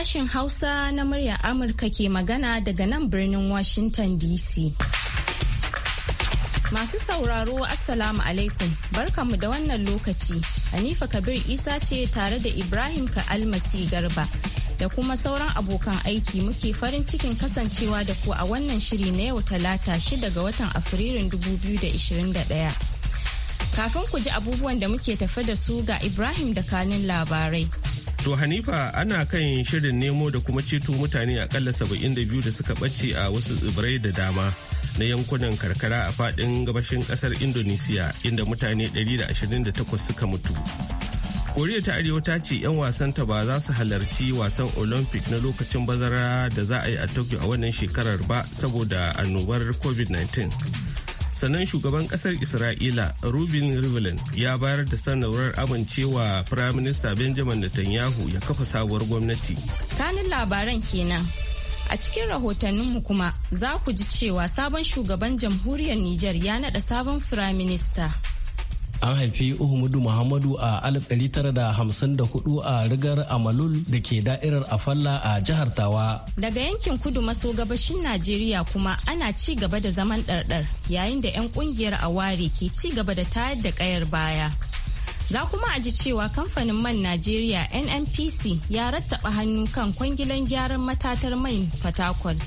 sashen Hausa na murya Amurka ke magana daga nan birnin Washington DC. Masu sauraro Assalamu alaikum barkanmu da wannan lokaci. anifa Kabir Isa ce tare da Ibrahim ka almasi Garba da kuma sauran abokan aiki muke farin cikin kasancewa da ku a wannan shiri na yau talata shi daga watan Afrilun 2021. Kafin ku ji abubuwan da muke tafi da su ga Ibrahim da kanin labarai. To Hanifa ana kan shirin nemo da kuma ceto mutane akalla saba'in da biyu da suka ɓace a wasu tsibirai da dama na yankunan karkara a faɗin gabashin ƙasar Indonesia inda mutane 128 suka mutu. Koriya ta Arewa ta ce 'yan wasanta ba za su halarci wasan Olympic na lokacin bazara da za a yi a Tokyo a wannan shekarar ba saboda annobar COVID-19. sannan shugaban kasar isra'ila rubin rivlin ya bayar da sanarwar amincewa firaminista benjamin netanyahu ya kafa sabuwar gwamnati kanin labaran kenan a cikin rahotanninmu kuma za ku ji cewa sabon shugaban jamhuriyar Nijar ya naɗa sabon firaminista An haifi Uhumudu Muhammadu a 1954 a rigar Amalul da ke da'irar Afalla a jihar Tawa. Daga yankin kudu maso gabashin Najeriya kuma ana ci gaba da zaman ɗarɗar yayin da 'yan ƙungiyar Aware ke ci gaba da tayar da ƙayar baya. Za kuma a ji cewa kamfanin man Najeriya NNPC ya rattaba hannu kan kwangilan gyaran matatar mai Fatakwal.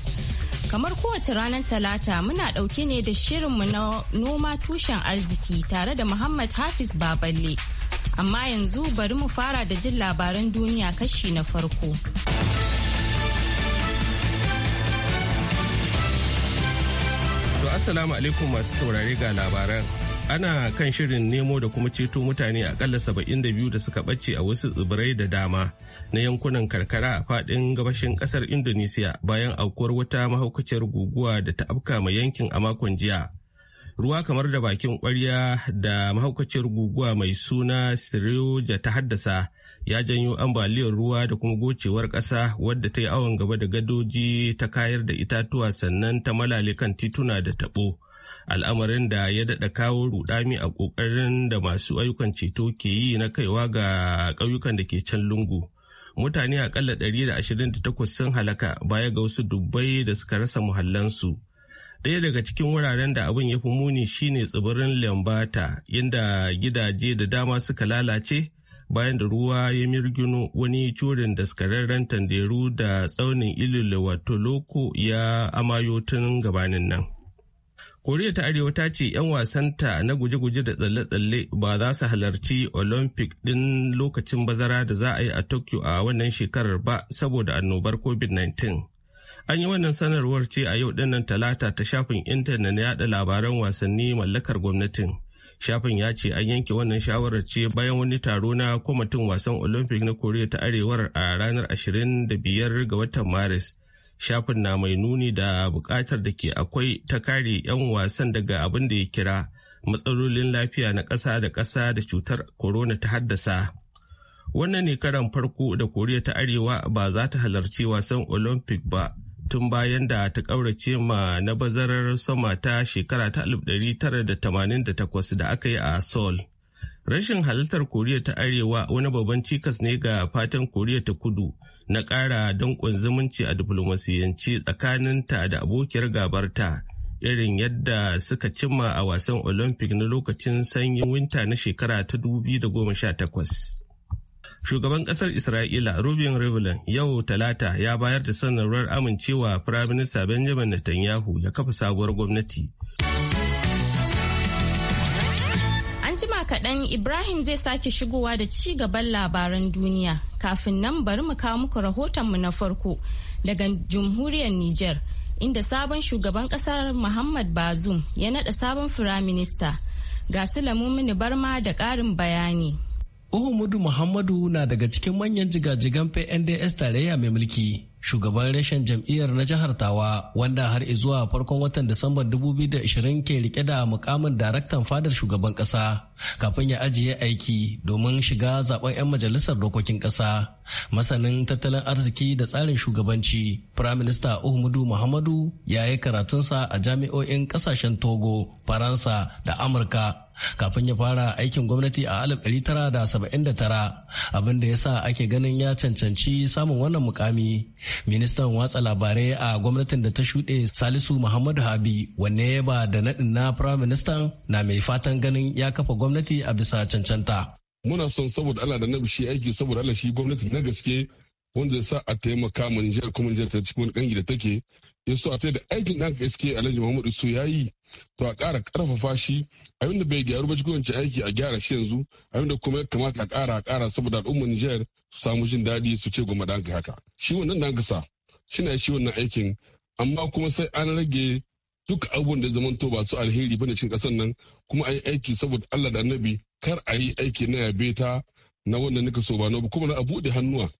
kamar kowace ranar talata muna ɗauke ne da shirin mu na noma tushen arziki tare da muhammad hafiz baballe amma yanzu bari mu fara da jin labaran duniya kashi na farko assalamu alaikum masu saurare ga labaran ana kan shirin nemo da kuma ceto mutane akalla 72 da suka ɓace a wasu tsibirai da dama na yankunan karkara a faɗin gabashin ƙasar indonesia bayan aukuwar wata mahaukaciyar guguwa da ta afka mai yankin a makon jiya ruwa kamar da bakin kwarya da mahaukaciyar guguwa mai suna sirioja ta haddasa ya janyo ambaliyar ruwa da kuma gocewar ƙasa wadda ta yi awon gaba da gadoji ta kayar da itatuwa sannan ta malale kan tituna da taɓo. al'amarin da ya daɗa kawo rudami a ƙoƙarin da masu ayyukan ceto ke yi na kaiwa ga ƙauyukan da ke can lungu mutane akalla 128 sun halaka baya ga wasu dubbai da suka rasa muhallansu ɗaya daga cikin wuraren da abin ya fi muni shine tsibirin lambata inda gidaje da dama suka lalace bayan da ruwa ya mirgino wani curin daskararren tanderu da tsaunin ililu wato loko ya amayo tun gabanin nan koriya ta arewa ta ce 'yan wasanta na guje-guje da tsalle-tsalle ba za su halarci olympic ɗin lokacin bazara da za a yi a tokyo a wannan shekarar ba saboda annobar covid-19 an yi wannan sanarwar ce a yau dinnan talata ta shafin intanet na yada labaran wasanni mallakar gwamnatin shafin ya ce an yanke wannan shawarar ce bayan wani taro na kwamitin wasan olympic na koriya ta arewar a ranar 25 ga watan maris shafin na mai nuni da buƙatar da ke akwai ta kare 'yan wasan daga abin da ya kira matsalolin lafiya na ƙasa da ƙasa da cutar corona ta haddasa wannan ne karan farko da koriya ta arewa ba za ta halarci wasan olympic ba tun bayan da ta ƙaurace ma na bazarar sama ta shekara ta 1988 da aka yi a seoul Rashin halittar Koriya ta Arewa wani babban cikas ne ga fatan Koriya ta Kudu na ƙara danƙon zumunci a diflomasiyance tsakaninta da abokiyar gabarta irin yadda suka cimma a wasan Olympic na lokacin sanyin winta na shekara ta 2018. Shugaban ƙasar Isra'ila Rubin Rivlin yau talata ya bayar da sanarwar amincewa Firaminista Benjamin Netanyahu ya kafa sabuwar gwamnati. jima kaɗan Ibrahim zai sake shigowa da ci gaban labaran duniya. Kafin nan bari mu kawo muku mu na farko daga jamhuriyar Nijar, inda sabon shugaban ƙasar Muhammad Bazoum ya naɗa sabon firaminista. Ga su mini barma da ƙarin bayani. Uhumudu Muhammadu na daga cikin manyan jigajigan PNDS tarayya mai mulki. shugaban reshen jam'iyyar na jihar tawa wanda har zuwa farkon watan disambar 2020 ke rike da mukamin daraktan fadar shugaban kasa kafin ya ajiye aiki domin shiga zaben 'yan majalisar dokokin kasa masanin tattalin arziki da tsarin shugabanci firaminista uhmudu muhammadu ya yi karatunsa a jami'o'in kasashen togo faransa da amurka kafin ya fara aikin gwamnati a 1979 abinda da ya sa ake ganin ya cancanci samun wannan mukami ministan watsa labarai a gwamnatin da ta shuɗe salisu muhammadu habi wanne ya ba da naɗin na prime minister na mai fatan ganin ya kafa gwamnati a bisa cancanta muna son saboda ala da na shi aiki saboda ala shi gwamnati na gaske wanda ya sa a taimaka ma kuma ta cikin wani kangi da take ya so a ta da aikin da aka iske alhaji muhammadu su ya yi to a ƙara ƙarfafa shi abin da bai gyaru ba cikin wancan aiki a gyara shi yanzu abin da kuma ya kamata a ƙara a ƙara saboda al'ummar nijar su samu jin daɗi su ce goma da aka haka shi wannan da aka shi na shi wannan aikin amma kuma sai an rage duk abubuwan da zaman to ba su alheri bane cikin ƙasar nan kuma a yi aiki saboda Allah da annabi kar a yi aiki na yabe ta na wanda nika so ba na kuma na a buɗe hannuwa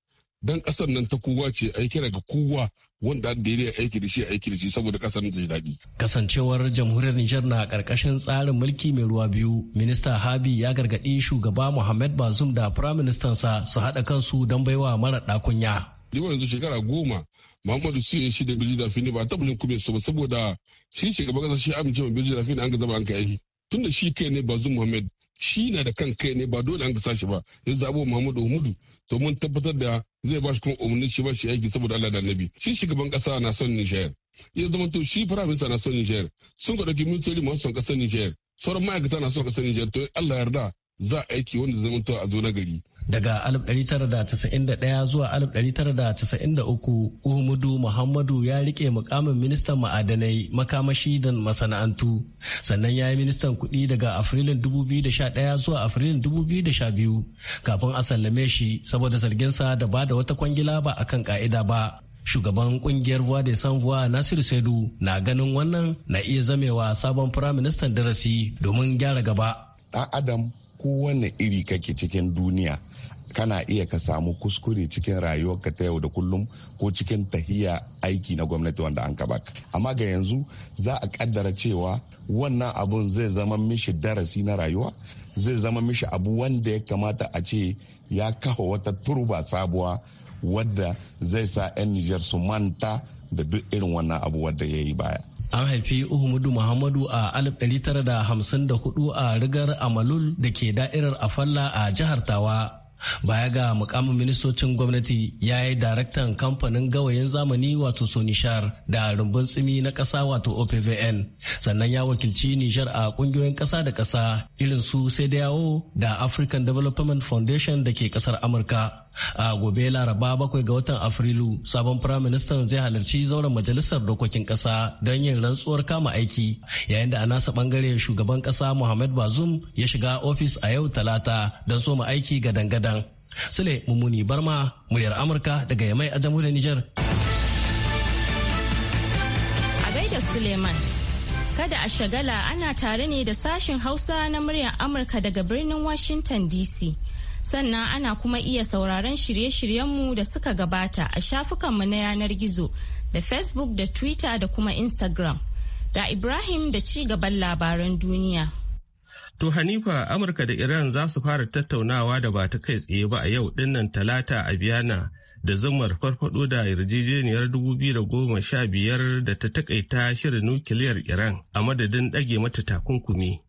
dan kasar nan ta kowa ce aiki daga kowa wanda da ya aiki da shi aiki da shi saboda kasar nan ta ji daɗi. Kasancewar jamhuriyar Nijar na ƙarƙashin tsarin mulki mai ruwa biyu, minista Habi ya gargaɗi shugaba Muhammad Bazum da firayim firaministansa su haɗa kansu don baiwa mara ɗakunya. Yau yanzu shekara goma Muhammadu Siyo shi da Birji Dafini ba tabbacin kuma su ba saboda shi shugaban kasa shi amince ma Birji Dafini an ga zama an ka aiki. Tun da shi kai ne Bazum Muhammad shi na da kan kai ne ba dole an ka sashi ba. Yanzu abubuwan Muhammadu Umudu to mun tabbatar da zai ba shi kuma umarni shi ba shi aiki saboda Allah da Nabi shi shugaban kasa na son Niger ya zama to shi minsa na son Niger sun ga dauki ministeri masu son kasar Niger sauran ma'aikata na son kasar Niger to Allah yarda za aiki wanda zama to a zo na gari daga 1991 zuwa 1993 Umudu Muhammadu ya rike mukamin ministan ma'adanai makamashi da masana'antu sannan ya yi ministan kuɗi daga Afrilun 2011 zuwa Afrilun 2012 kafin a sallame shi saboda zarginsa da ba da wata kwangila ba a kan ka'ida ba. Shugaban kungiyar Voix de San Voix Nasiru Saidu na ganin wannan na iya zamewa sabon firaministan darasi domin gyara gaba. Ɗan Adam kowane iri kake cikin duniya kana iya ka samu kuskure cikin rayuwarka ta yau da kullum ko cikin tahiya aiki na gwamnati wanda an baka amma ga yanzu za a kaddara cewa wannan abun zai zama mishi darasi na rayuwa zai zama mishi abu wanda ya kamata a ce ya kafa wata turba sabuwa wadda zai sa 'yan nijar su manta da duk irin wannan abu wadda ya yi baya An haifi Uhumudu Muhammadu a 1954 a rigar Amalul da ke da'irar Afalla a jihar Tawa. Baya ga mukamin ministocin gwamnati ya yi daraktan kamfanin gawayin zamani wato Sonishar da rumbun tsimi na ƙasa wato OPVN. Sannan ya wakilci Nijar a ƙungiyoyin ƙasa da ƙasa irin su yawo da African Development Foundation da ke ƙasar Amurka. a gobe laraba bakwai ga watan afrilu sabon firaministan zai halarci zauren majalisar dokokin kasa don yin rantsuwar kama aiki yayin da a nasa bangare shugaban kasa muhammad bazum ya shiga ofis a yau talata don soma aiki gadan-gadan sule mummuni barma muryar amurka daga yamai a jamhuriyar niger gaida suleiman kada a shagala ana tare ne da sashen hausa na muryar amurka daga birnin washington dc sannan ana kuma iya sauraron shirye-shiryenmu da suka gabata a shafukanmu na yanar gizo da facebook da twitter da kuma instagram da ibrahim da ci gaban labaran duniya to hanifa amurka da iran za su fara tattaunawa da ba ta kai tsaye ba a yau dinnan talata a biyana da zumar farfado da yarjejeniyar 2015 da ta takaita shirin nukiliyar iran a madadin dage mata takunkumi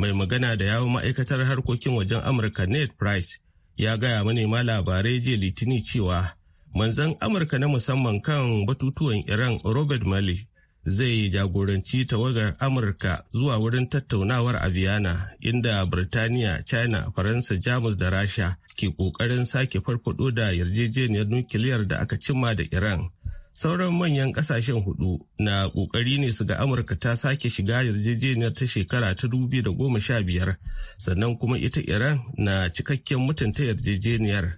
mai magana da yawon ma'aikatar harkokin wajen amurka ned price ya gaya manema labarai jiya litini cewa manzan amurka na musamman kan batutuwan iran robert malley zai jagoranci tawagar amurka zuwa wurin tattaunawar a viana inda birtaniya china faransa jamus da rasha ke kokarin sake farfado da yarjejeniyar nukiliyar da aka cimma da iran sauran manyan kasashen hudu na kokari ne su ga amurka ta sake shiga yarjejeniyar ta shekara ta da goma sha biyar sannan kuma ita iran na cikakken mutunta yarjejeniyar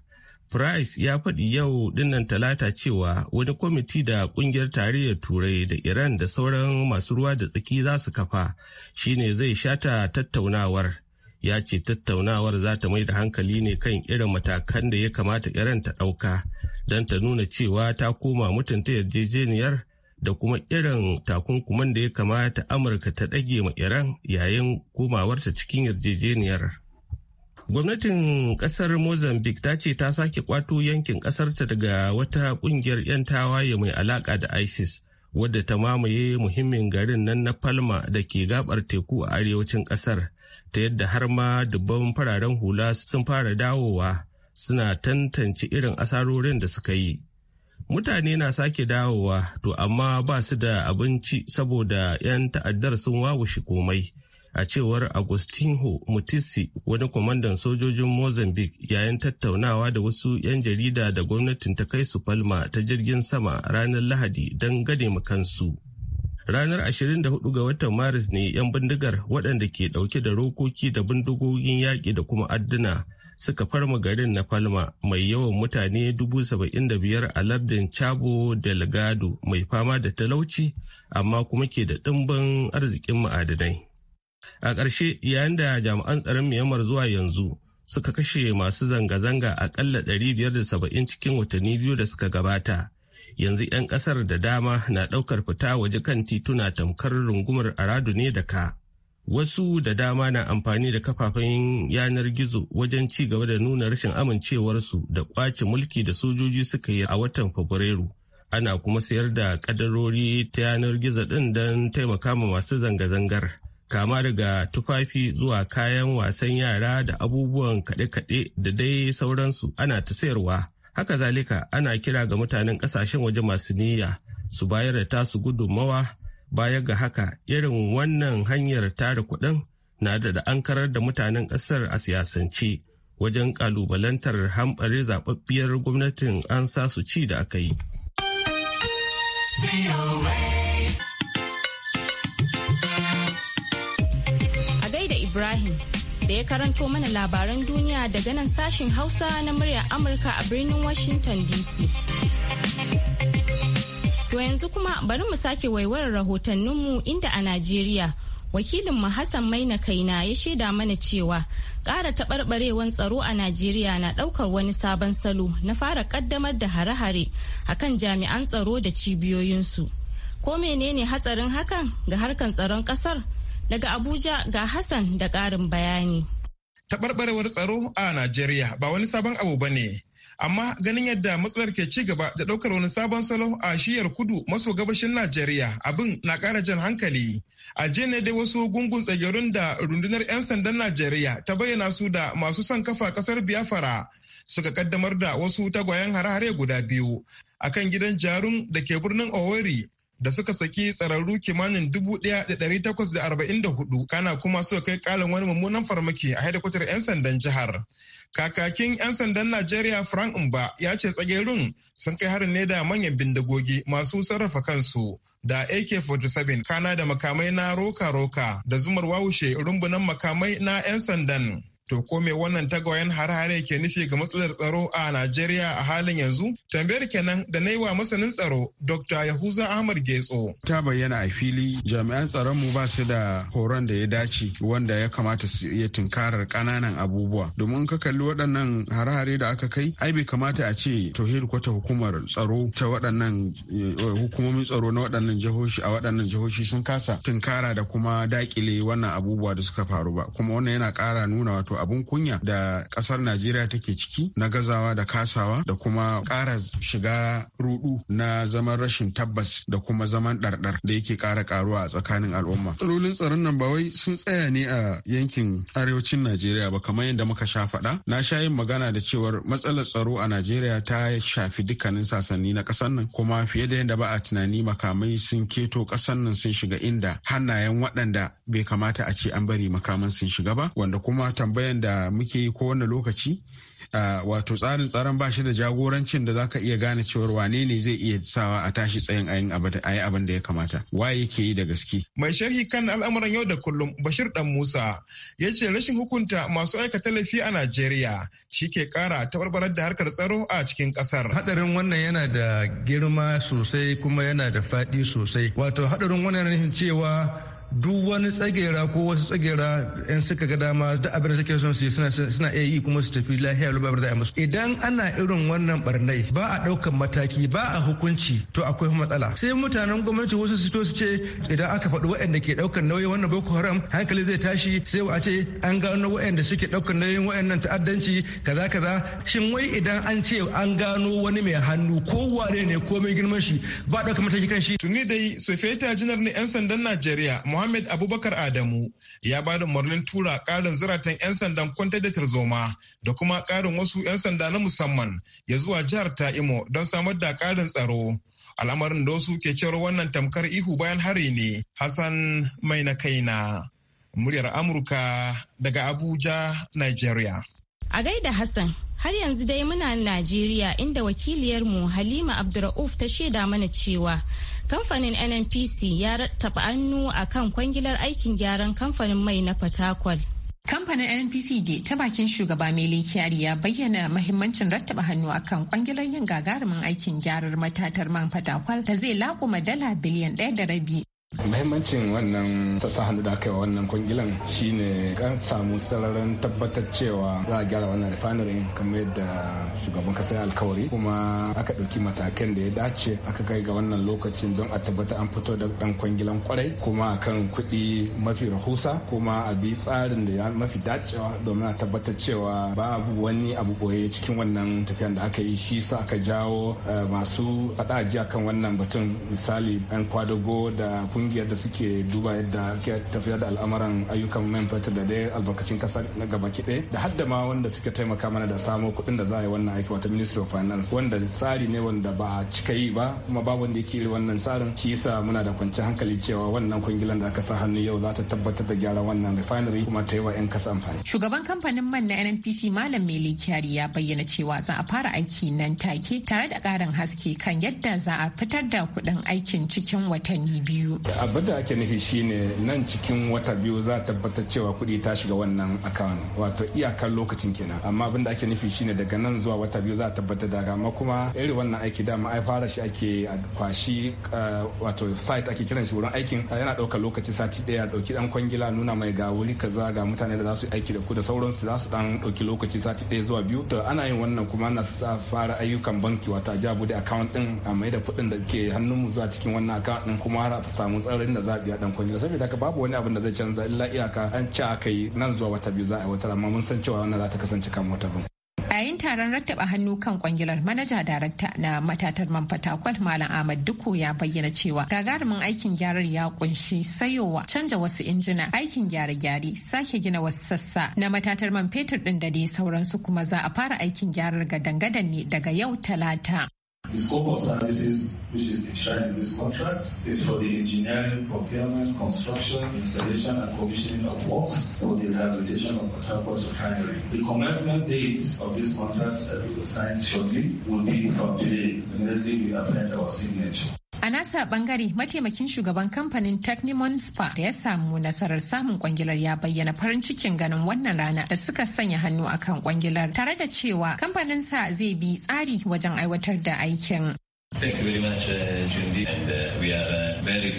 price ya faɗi yau dinnan talata cewa wani kwamiti da kungiyar tarayyar turai da iran da sauran masu ruwa da tsaki za su kafa shine zai shata tattaunawar ya ce tattaunawar za ta mai da hankali ne kan irin matakan da ya kamata iran ta ɗauka don ta nuna cewa ta koma mutunta yarjejeniyar da kuma irin takunkuman da ya kamata amurka ta ɗage ma iran yayin komawarta cikin yarjejeniyar gwamnatin ƙasar mozambique ta ce ta sake kwato yankin ƙasarta daga wata ƙungiyar 'yan tawaye mai alaka da isis wadda ta mamaye muhimmin garin nan na palma da ke gabar teku a arewacin ƙasar, ta yadda har ma dubban fararen hula sun fara dawowa suna tantance irin asarorin da suka yi mutane na sake dawowa to amma ba su da abinci saboda 'yan ta'addar sun wawushe komai a cewar agustinho mutisi wani kwamandan sojojin mozambique yayin tattaunawa da wasu 'yan jarida da gwamnatin ta kai su falma ta jirgin sama ranar lahadi don gane kansu ranar 24 ga watan maris ne 'yan bindigar waɗanda ke ɗauke da rokoki da bindigogin yaƙi da kuma adduna suka farma garin na Palma mai yawan mutane biyar a lardin Cabo Delgado mai fama da talauci amma kuma ke da ɗimbin arzikin ma'adinai. A ƙarshe yayin da jami'an tsaron Myanmar zuwa yanzu suka kashe masu zanga-zanga aƙalla saba'in cikin watanni biyu da suka gabata. Yanzu 'yan ƙasar da dama na ɗaukar fita waje kan tituna tamkar rungumar aradu ne da ka. wasu da dama na amfani da kafafen yanar gizo wajen ci gaba da nuna rashin amincewarsu da kwace mulki da sojoji suka yi a watan fabrairu ana kuma sayar da kadarori ta yanar gizo ɗin don taimaka ma masu zanga-zangar kama daga tufafi zuwa kayan wasan yara da abubuwan kaɗe-kaɗe da dai sauransu ana ta sayarwa haka zalika ana kira ga mutanen ƙasashen waje masu niyya su bayar da tasu gudunmawa baya ga haka irin wannan hanyar tara kuɗin na da ankarar da mutanen ƙasar a siyasance wajen ƙalubalantar hamɓare zaɓaɓɓiyar gwamnatin an sa su ci da aka yi. A gaida Ibrahim da ya karanto mana labaran duniya daga nan sashin Hausa na muryar Amurka a birnin Washington DC. To yanzu kuma bari mu sake waiwarar rahotanninmu inda a Najeriya wakilin mu Hassan Maina Kaina ya shaida mana cewa ƙara taɓarɓarewan tsaro a Najeriya na ɗaukar wani sabon salo na fara ƙaddamar da hare-hare a kan jami'an tsaro da cibiyoyinsu. Ko menene hatsarin hakan ga harkan tsaron ƙasar? Daga Abuja ga Hassan da ƙarin bayani. Taɓarɓarewar tsaro a Najeriya ba wani sabon abu ba ne. amma ganin yadda matsalar ke ci gaba da ɗaukar wani sabon salo a shiyar kudu maso gabashin najeriya abin na ƙara jan hankali a jiya ne dai wasu gungun tsagerun da rundunar 'yan sandan najeriya ta bayyana su da masu son kafa ƙasar biafra suka kaddamar da wasu tagwayen hare-hare guda biyu akan gidan jarun da ke birnin Owerri da suka saki tsararru kimanin 1,844 kana kuma suka kai kalin wani mummunan farmaki a hedikwatar 'yan sandan jihar. Kakakin 'yan sandan Najeriya Frank Mba ya ce tsagerun sun kai harin ne da manyan bindigogi masu sarrafa kansu da AK-47 kana da makamai na roka-roka da zumar wawushe rumbunan makamai na 'yan sandan. To ko me wannan tagwayen har-hare ke nufi ga matsalar tsaro a Najeriya a halin yanzu? Tambayar kenan da na yi wa masanin tsaro Dr. Yahuza Ahmad Getso. Ta bayyana a fili jami'an tsaron mu ba su da horon da ya dace wanda ya kamata su iya tunkarar ƙananan abubuwa. Domin ka kalli waɗannan har da aka kai, ai bai kamata a ce to kwata hukumar tsaro ta waɗannan eh, hukumomin tsaro na waɗannan jihohi a waɗannan jihohi sun kasa tunkara da kuma dakile wannan abubuwa da suka faru ba. Kuma wannan yana ƙara nuna wato wato abun kunya da kasar Najeriya take ciki na gazawa da kasawa da kuma kara shiga rudu na zaman rashin tabbas da kuma zaman dardar da yake kara karuwa a tsakanin al'umma. Tsalolin tsaron nan ba wai sun tsaya ne a yankin arewacin Najeriya ba kamar yadda muka sha faɗa. Na sha yin magana da cewar matsalar tsaro a Najeriya ta shafi dukkanin sasanni na ƙasar nan kuma fiye da yadda ba a tunani makamai sun keto ƙasar nan sun shiga inda hannayen waɗanda bai kamata a ce an bari makaman sun shiga ba wanda kuma tambaya tambayan da muke yi ko kowane lokaci wato tsarin tsaron ba shi da jagorancin da zaka iya gane cewar wane ne zai iya sawa a tashi tsayin ayin abin da ya kamata waye yake yi da gaske mai sharhi kan al'amuran yau da kullum bashir dan musa ya ce rashin hukunta masu aikata laifi a najeriya shi ke kara tabarbarar da harkar tsaro a cikin kasar hadarin wannan yana da girma sosai kuma yana da faɗi sosai wato hadarin wannan cewa duk wani tsagera ko wasu tsagera in suka ga dama da abin da suke son su suna iya yi kuma su tafi lahiya lubar da musu idan ana irin wannan barnai ba a daukan mataki ba a hukunci to akwai matsala sai mutanen gwamnati wasu su to su ce idan aka faɗi waɗanda ke daukan nauyin wannan boko haram hankali zai tashi sai a ce an gano waɗanda suke daukan nauyin waɗannan ta'addanci kaza kaza shin wai idan an ce an gano wani mai hannu ko wane ne komai girman shi ba daukan mataki kan shi tuni dai sofeta jinar na yan sandan Najeriya Muhammad Abubakar Adamu ya ba da murnin tura karin ziratan 'yan sandan kwantar da tarzoma da kuma ƙarin wasu 'yan sanda na musamman ya zuwa jihar taimo don samar da ƙarin tsaro. Al'amarin da wasu ke cewar wannan tamkar ihu bayan hari ne Hassan mai na kai na Muryar Amurka daga Abuja, Nigeria. A gaida Hassan, har yanzu dai muna Najeriya inda wakiliyarmu Halima Abdurrauf ta shaida mana cewa kamfanin nnpc ya taba hannu a kan kwangilar aikin gyaran kamfanin mai na fatakwal kamfanin nnpc da ta bakin shugaba mai kyari ya bayyana mahimmancin rattaba hannu akan kwangilar yin gagarumin aikin gyarar matatar man fatakwal da zai lakuma dala biliyan ɗaya da rabi Muhimmancin wannan sassa hannu da aka yi wannan kungilan shine kan samu sararin tabbatar cewa za a gyara wannan refinery kamar yadda shugaban kasa ya alkawari kuma aka ɗauki matakan da ya dace aka kai ga wannan lokacin don a tabbata an fito da ɗan kwangilan kwarai kuma a kan kuɗi mafi rahusa kuma a bi tsarin da ya mafi dacewa domin a tabbatar cewa abu wani abu boye cikin wannan tafiyan da aka yi shi sa aka jawo eh, masu faɗa kan wannan batun misali ɗan kwadago da kungiyar da suke duba yadda ke tafiyar da al'amuran ayyukan man fetur da dai albarkacin kasa na gaba kiɗe da hadda ma wanda suke taimaka mana da samo kuɗin da za a yi wannan aiki wata ministry of finance wanda tsari ne wanda ba cika yi ba kuma babu wanda yake wannan tsarin shi yasa muna da kwanciyar hankali cewa wannan kungiyar da aka sa hannu yau za ta tabbatar da gyaran wannan refinery kuma ta yi wa 'yan kasa amfani. Shugaban kamfanin man na NNPC Malam Mele Kyari ya bayyana cewa za a fara aiki nan take tare da ƙarin haske kan yadda za a fitar da kuɗin aikin cikin watanni biyu. abin da ake nufi shine nan cikin wata biyu za a tabbatar cewa kuɗi ta shiga wannan account wato iyakar lokacin kenan amma abin da ake nufi shine daga nan zuwa wata biyu za a tabbatar da amma kuma irin wannan aiki dama ai fara shi ake kwashi eh, wato site ake kiran shi wurin aikin yana ɗaukar lokaci sati ɗaya ɗauki ɗan kwangila nuna mai ga wuri kaza ga mutane da za su aiki da ku da sauransu za su ɗan ɗauki lokaci sati ɗaya zuwa biyu to ana yin wannan kuma na sa fara ayyukan banki wato a jabu da account ɗin a mai da kuɗin da ke hannunmu zuwa cikin wannan account ɗin kuma har a samu tsarin da za a biya dan kwangila saboda haka babu wani abin da zai canza illa iyaka an ci aka yi nan zuwa wata biyu za a yi wata amma mun san cewa wannan za ta kasance kan wata a yayin taron rattaba hannu kan kwangilar manaja darakta na matatar man fatakwal malam ahmad duko ya bayyana cewa gagarumin aikin gyarar ya kunshi sayowa canja wasu injina aikin gyare gyare sake gina wasu sassa na matatar man fetur din da dai sauransu kuma za a fara aikin gyarar gadan-gadan ne daga yau talata The scope of services which is enshrined in this contract is for the engineering, procurement, construction, installation and commissioning of works for the rehabilitation of Atakos refinery. The commencement date of this contract that we will sign shortly will be from today, immediately we append our signature. A nasa bangare mataimakin shugaban kamfanin Technimon Spa da ya samu nasarar samun kwangilar ya bayyana farin cikin ganin wannan rana da suka sanya hannu akan kwangilar tare da cewa kamfanin sa zai bi tsari wajen aiwatar da aikin. Thank you very much, uh, Jundi, and uh, we are uh, very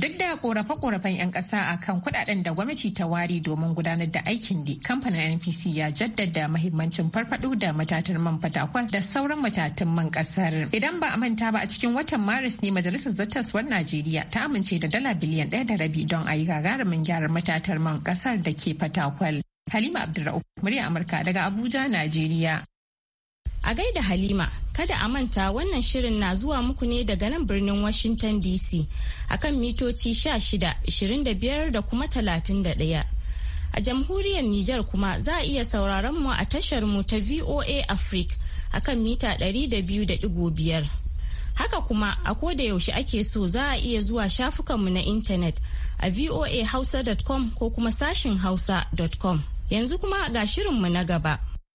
Duk da korafe-korafen 'yan ƙasa a kan kuɗaɗen da gwamnati ta wari domin gudanar da aikin da kamfanin NPC ya jaddada mahimmancin farfaɗo da matatar man fatakwal da sauran matatun man ƙasar. Idan ba a manta ba a cikin watan Maris ne Majalisar Zattaswar Najeriya ta amince da dala biliyan ɗaya da rabi don a yi gagarumin gyaran matatar man ƙasar da ke fatakwal. Halima Abdulra'u, murya Amurka daga Abuja, Najeriya. A gaida Halima, kada a manta wannan shirin na zuwa muku ne daga nan birnin Washington DC akan mitoci 16, 25 da kuma 31. A jamhuriyar Nijar kuma za a iya sauraron mu a tashar mu ta VOA Africa akan mita 200.5. Haka kuma a koda yaushe ake so za a iya zuwa shafukanmu na intanet a voahausa.com ko kuma sashin hausa.com. Yanzu kuma ga shirinmu na gaba.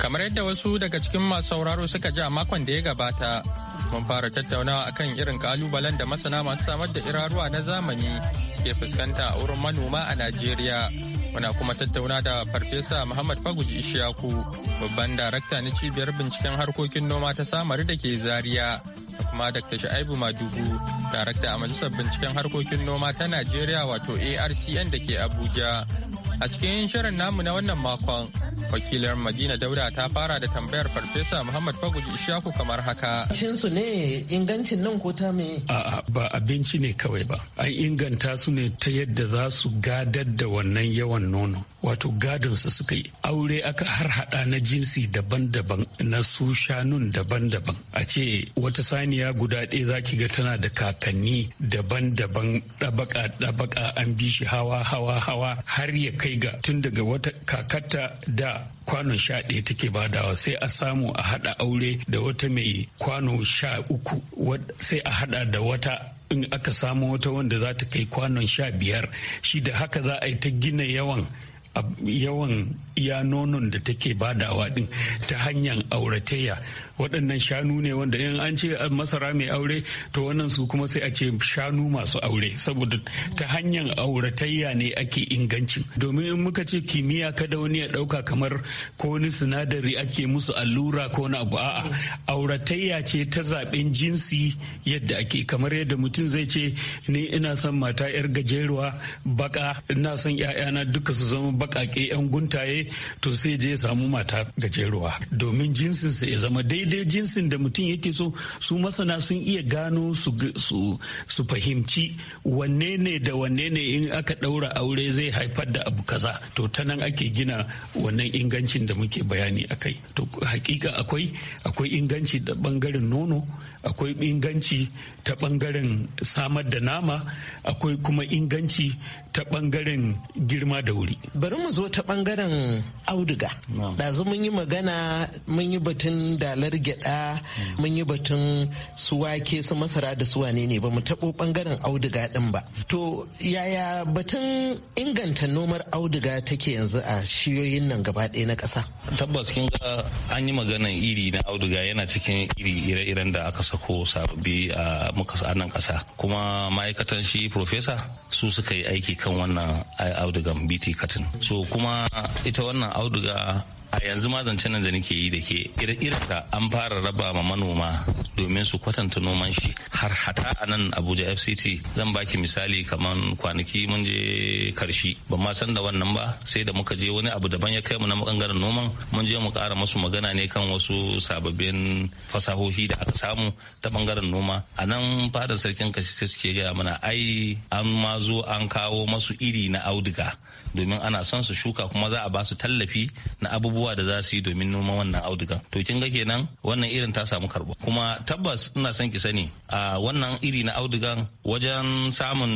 Kamar yadda wasu daga cikin masu sauraro suka ji a makon da ya gabata, mun fara tattaunawa a kan irin kalubalen da masana masu samar da iraruwa na zamani suke fuskanta a wurin manoma a Najeriya. Muna kuma tattauna da Farfesa Muhammad Faguji Ishaku, babban darakta na cibiyar binciken harkokin noma ta samari da ke Zaria, da kuma Dr. Sha'ibu Madugu, darakta a Majalisar Binciken Harkokin Noma ta Najeriya wato ARCN da ke Abuja. A cikin shirin namu na wannan makon, wakilar Madina Dauda ta fara da tambayar Farfesa Muhammad Faguji Ishaku kamar haka. Cinsu ne ingancin nan ko ta me? A'a ba abinci ne kawai ba. An inganta su ne ta yadda za su gadar da wannan yawan nono. wato gadonsu suka yi aure aka har hada na jinsi daban-daban na su shanun daban-daban a ce wata saniya guda ɗaya zaki ga tana da kakanni daban-daban ɗabaka-ɗabaka an bi shi hawa-hawa-hawa har ya kai ga tun daga wata kakata da kwanon sha ɗaya take badawa sai a samu a haɗa aure da wata mai kwano sha uku sai a haɗa da wata in aka samu wata wanda za ta kai kwanon sha biyar shi da haka za a yi ta gina yawan yawan iya nonon da take badawa din ta hanyar auratayya waɗannan shanu ne wanda in an ce masara mai aure to wannan su kuma sai a ce shanu masu aure saboda ta hanyar auratayya ne ake inganci domin in muka ce kimiyya kada wani ya ɗauka kamar ko wani sinadari ake musu allura ko wani abu a'a auratayya ce ta zaɓen jinsi yadda ake kamar yadda mutum zai ce ni ina son mata yar gajeruwa baka ina son ƴaƴana duka su zama baƙaƙe 'yan guntaye to sai je samu mata gajeruwa domin jinsinsa ya zama dai. daidai jinsin da mutum yake so su masana sun iya gano su fahimci wanne ne da wanne ne in aka ɗaura aure zai haifar da abu kaza to ta nan ake gina wannan ingancin da muke bayani a kai to hakika akwai akwai inganci da bangaren nono akwai inganci ta bangaren samar da nama akwai kuma inganci ta bangaren girma da wuri. Bari mu zo ta bangaren auduga. dazu mun yi magana mun yi batun dalar gyada mun yi batun su wake su masara da su wane ne ba mu taɓo bangaren auduga ɗin ba. To yaya batun inganta nomar auduga take yanzu a shiyoyin nan gaba ɗaya na ƙasa? Tabbas kin ga an yi maganan iri na auduga yana cikin iri ire-iren da aka sako sababbi a muka nan ƙasa. Kuma ma'aikatan shi profesa su suka yi aiki kan wannan audugan bt katin so kuma ita wannan auduga a yanzu ma zancen nan da nake yi da ke da an fara raba ma manoma domin su kwatanta noman shi har hata a nan abuja fct zan baki misali kamar kwanaki mun je karshi ba ma san da wannan ba sai da muka je wani abu daban ya kai mu na bangaren noman mun je mu kara masu magana ne kan wasu sababbin fasahohi da aka samu ta bangaren noma a nan fadar sarkin kashi sai suke gaya mana ai an ma zo an kawo masu iri na auduga domin ana son su shuka kuma za a ba su tallafi na abubuwa da za su yi domin noman wannan auduga to kin ga kenan wannan irin ta samu karbo kuma tabbas ina son ki sani a wannan iri na audugan wajen samun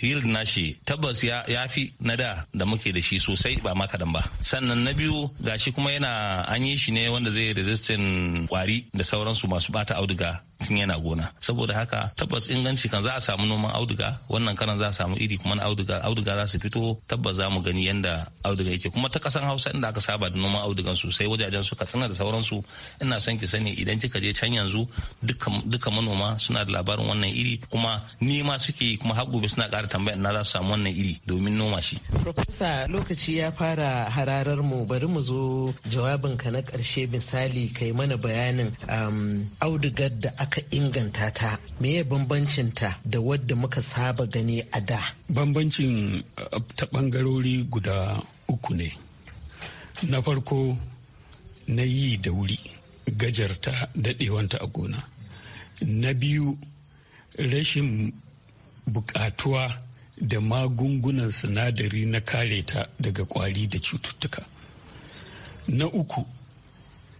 yield shi tabbas ya fi na da da muke da shi sosai ba ma kadan ba sannan na biyu gashi kuma yana an yi shi ne wanda zai resistant kwari da sauransu masu bata auduga in yana gona saboda haka tabbas inganci kan za a samu noman auduga wannan karan za a samu iri kuma na auduga auduga za su fito tabbas za mu gani yanda auduga yake kuma ta kasan hausa inda aka saba da noman audugan sosai wajajen su katsina da sauransu ina son ki sani idan kika je can yanzu duka manoma suna da labarin wannan iri kuma nema suke kuma har gobe suna kara tambayar na za su samu wannan iri domin noma shi. Profesa lokaci ya fara hararar mu bari mu zo jawabinka na karshe misali kai mana bayanin um, audugar da aka aka inganta ta meye bambancin ta da wadda muka saba gani a da bambancin uh, ta bangarori guda uku ne na farko na yi da wuri gajarta daɗewanta a gona na biyu rashin bukatuwa da magungunan sinadari na kare ta daga kwari da cututtuka na uku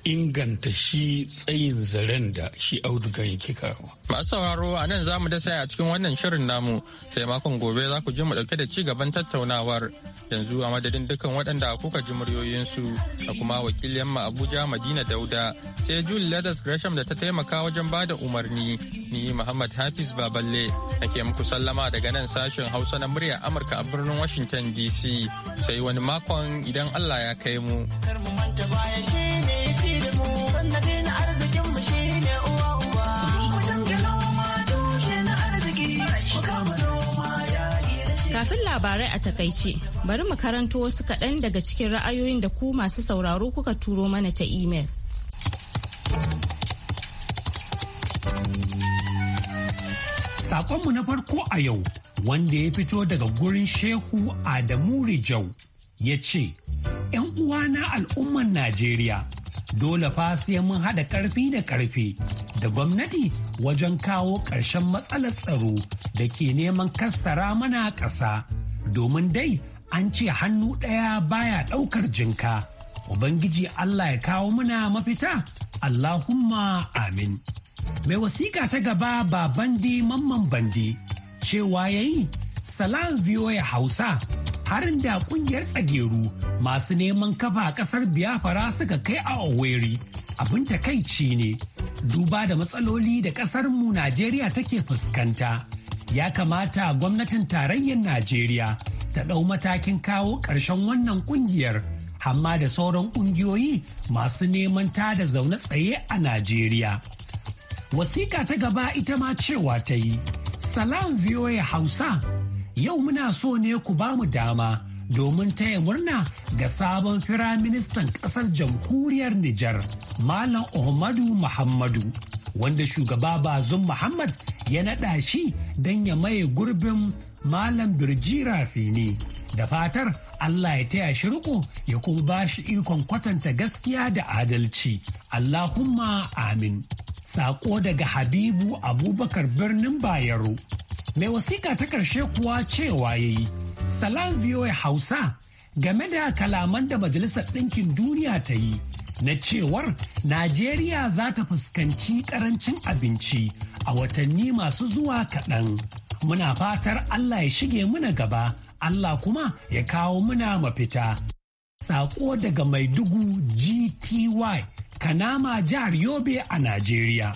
inganta shi tsayin zaren da shi audugan yake kawo. Masu sauraro a nan za mu da a cikin wannan shirin namu sai makon gobe za ku ji mu dauke da ci gaban tattaunawar yanzu a madadin dukkan waɗanda kuka ji muryoyinsu da kuma wakilin mu Abuja Madina Dauda sai Jul Ladas Gresham da ta taimaka wajen ba da umarni ni Muhammad Hafiz Baballe ake muku sallama daga nan sashen Hausa na muryar Amurka a birnin Washington DC sai wani makon idan Allah ya kai mu. Kar Kafin labarai a takaice, bari mu karanto wasu kaɗan daga cikin ra'ayoyin da ku masu sauraro kuka turo mana ta imel. Sakonmu na farko a yau, wanda ya fito daga gurin Shehu Adamu Rijau, ya ce, ‘Yan uwana al'umman Najeriya’ dole fa sai mun haɗa ƙarfi da ƙarfi da gwamnati wajen kawo ƙarshen matsalar tsaro da ke neman kassara mana ƙasa domin dai an ce hannu ɗaya baya ɗaukar jinka ubangiji allah ya kawo muna mafita allahumma amin mai wasiƙa ta gaba ba bandi mamman bandi cewa yayi salam ya hausa harin da kungiyar tsageru masu neman kafa a kasar biafra suka kai a oweri abin takaici ne duba da matsaloli da kasar mu najeriya take fuskanta ya kamata gwamnatin tarayyar najeriya ta ɗau matakin kawo ƙarshen wannan kungiyar hamma da sauran ƙungiyoyi masu neman ta da zaune tsaye a najeriya wasiƙa ta gaba ita ma cewa ta yi salam voa hausa yau muna so ne ku ba mu dama domin taya murna ga sabon firaministan ƙasar jamhuriyar Nijar, Malam Ahmadu Muhammadu, wanda shugaba Bazum Muhammad ya naɗa shi don ya maye gurbin Malam Birji Rafini. Da fatar Allah ya taya shi riko ya kuma ba shi ikon kwatanta gaskiya da adalci. Allahumma amin. Sako daga Habibu Abubakar birnin Bayero. mai wasiƙa ta ƙarshe kuwa cewa ya yi salam voa hausa game da kalaman da majalisar ɗinkin duniya ta yi na cewar najeriya za ta fuskanci ƙarancin abinci a watanni masu zuwa kaɗan muna fatar allah ya shige muna gaba allah kuma ya kawo muna mafita Sako daga Maiduguri GTY, Kanama jihar Yobe a Najeriya.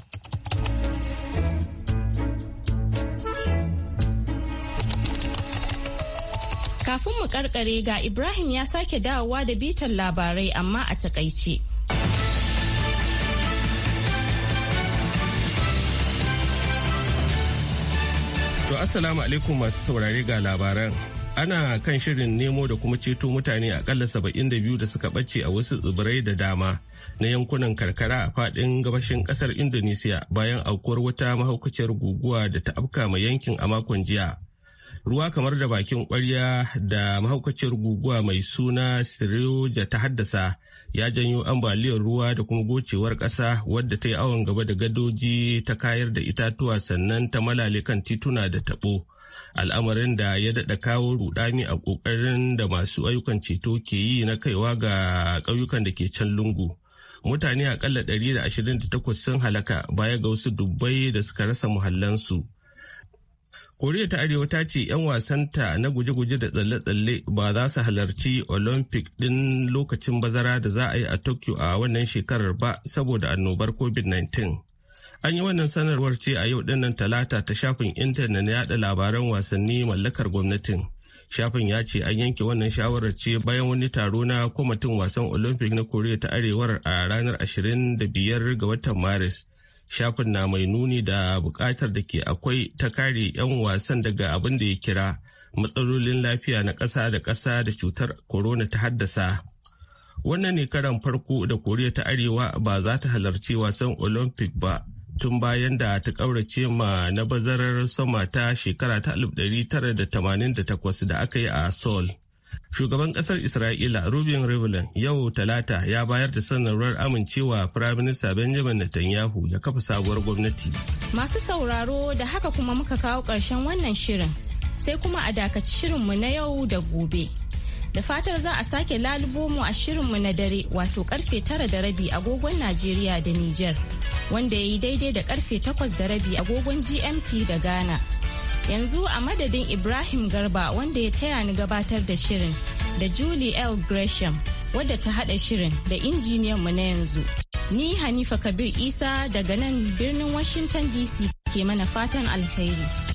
Kafin mu karkare ga Ibrahim ya sake dawowa da bitan labarai amma a takaice. To Assalamu alaikum masu saurare ga labaran. Ana kan shirin nemo da kuma ceto mutane akalla saba'in da biyu da suka ɓace a wasu tsibirai da dama na yankunan karkara a faɗin gabashin ƙasar Indonesia bayan aukuwar wata mahaukaciyar guguwa da ta afka ma yankin a makon jiya. ruwa kamar da bakin kwarya da mahaukaciyar guguwa mai suna siriyoja ta haddasa ya janyo ambaliyar ruwa da kuma gocewar ƙasa wadda ta yi awon gaba da gadoji ta kayar da itatuwa sannan ta malale kan tituna da taɓo al'amarin da ya daɗa kawo rudani a ƙoƙarin da masu ayyukan ceto ke yi na kaiwa ga ƙauyukan da ke can lungu mutane akalla 128 sun halaka baya ga wasu dubbai da suka rasa muhallansu. koriya ta arewa ta ce 'yan wasanta na guje-guje da tsalle-tsalle ba za su halarci olympic ɗin lokacin bazara da za a yi a tokyo a wannan shekarar ba saboda annobar covid-19 an yi wannan sanarwar ce a yau dinnan talata ta shafin intanet na yada labaran wasanni mallakar gwamnatin shafin ya ce an yanke wannan shawarar ce bayan wani taro na kwamitin wasan olympic na koriya ta arewar a ranar 25 ga watan maris shafin na mai nuni da bukatar da ke akwai ta kare 'yan wasan daga abin da ya kira matsalolin lafiya na ƙasa da ƙasa da cutar corona ta haddasa wannan ne karan farko da koriya ta arewa ba za ta halarci wasan olympic ba tun bayan da ta ƙaurace ma na bazarar sama ta shekara ta 1988 da aka yi a seoul Shugaban ƙasar Isra'ila Rubin Rivlin yau talata ya bayar da sanarwar amincewa Firaminista Benjamin Netanyahu ya kafa sabuwar gwamnati. Masu sauraro da haka kuma muka kawo ƙarshen wannan shirin sai kuma a dakaci shirinmu na yau da gobe. Da fatar za a sake lalubo mu a shirinmu na dare wato karfe tara da rabi agogon Najeriya da Nijar wanda ya yi daidai da karfe takwas da rabi agogon GMT da Ghana. yanzu a madadin ibrahim garba wanda ya taya ni gabatar da shirin da julie l gresham wadda ta hada shirin da injiniyan mu na yanzu ni hanifa kabir isa daga nan birnin washington dc ke mana fatan alheri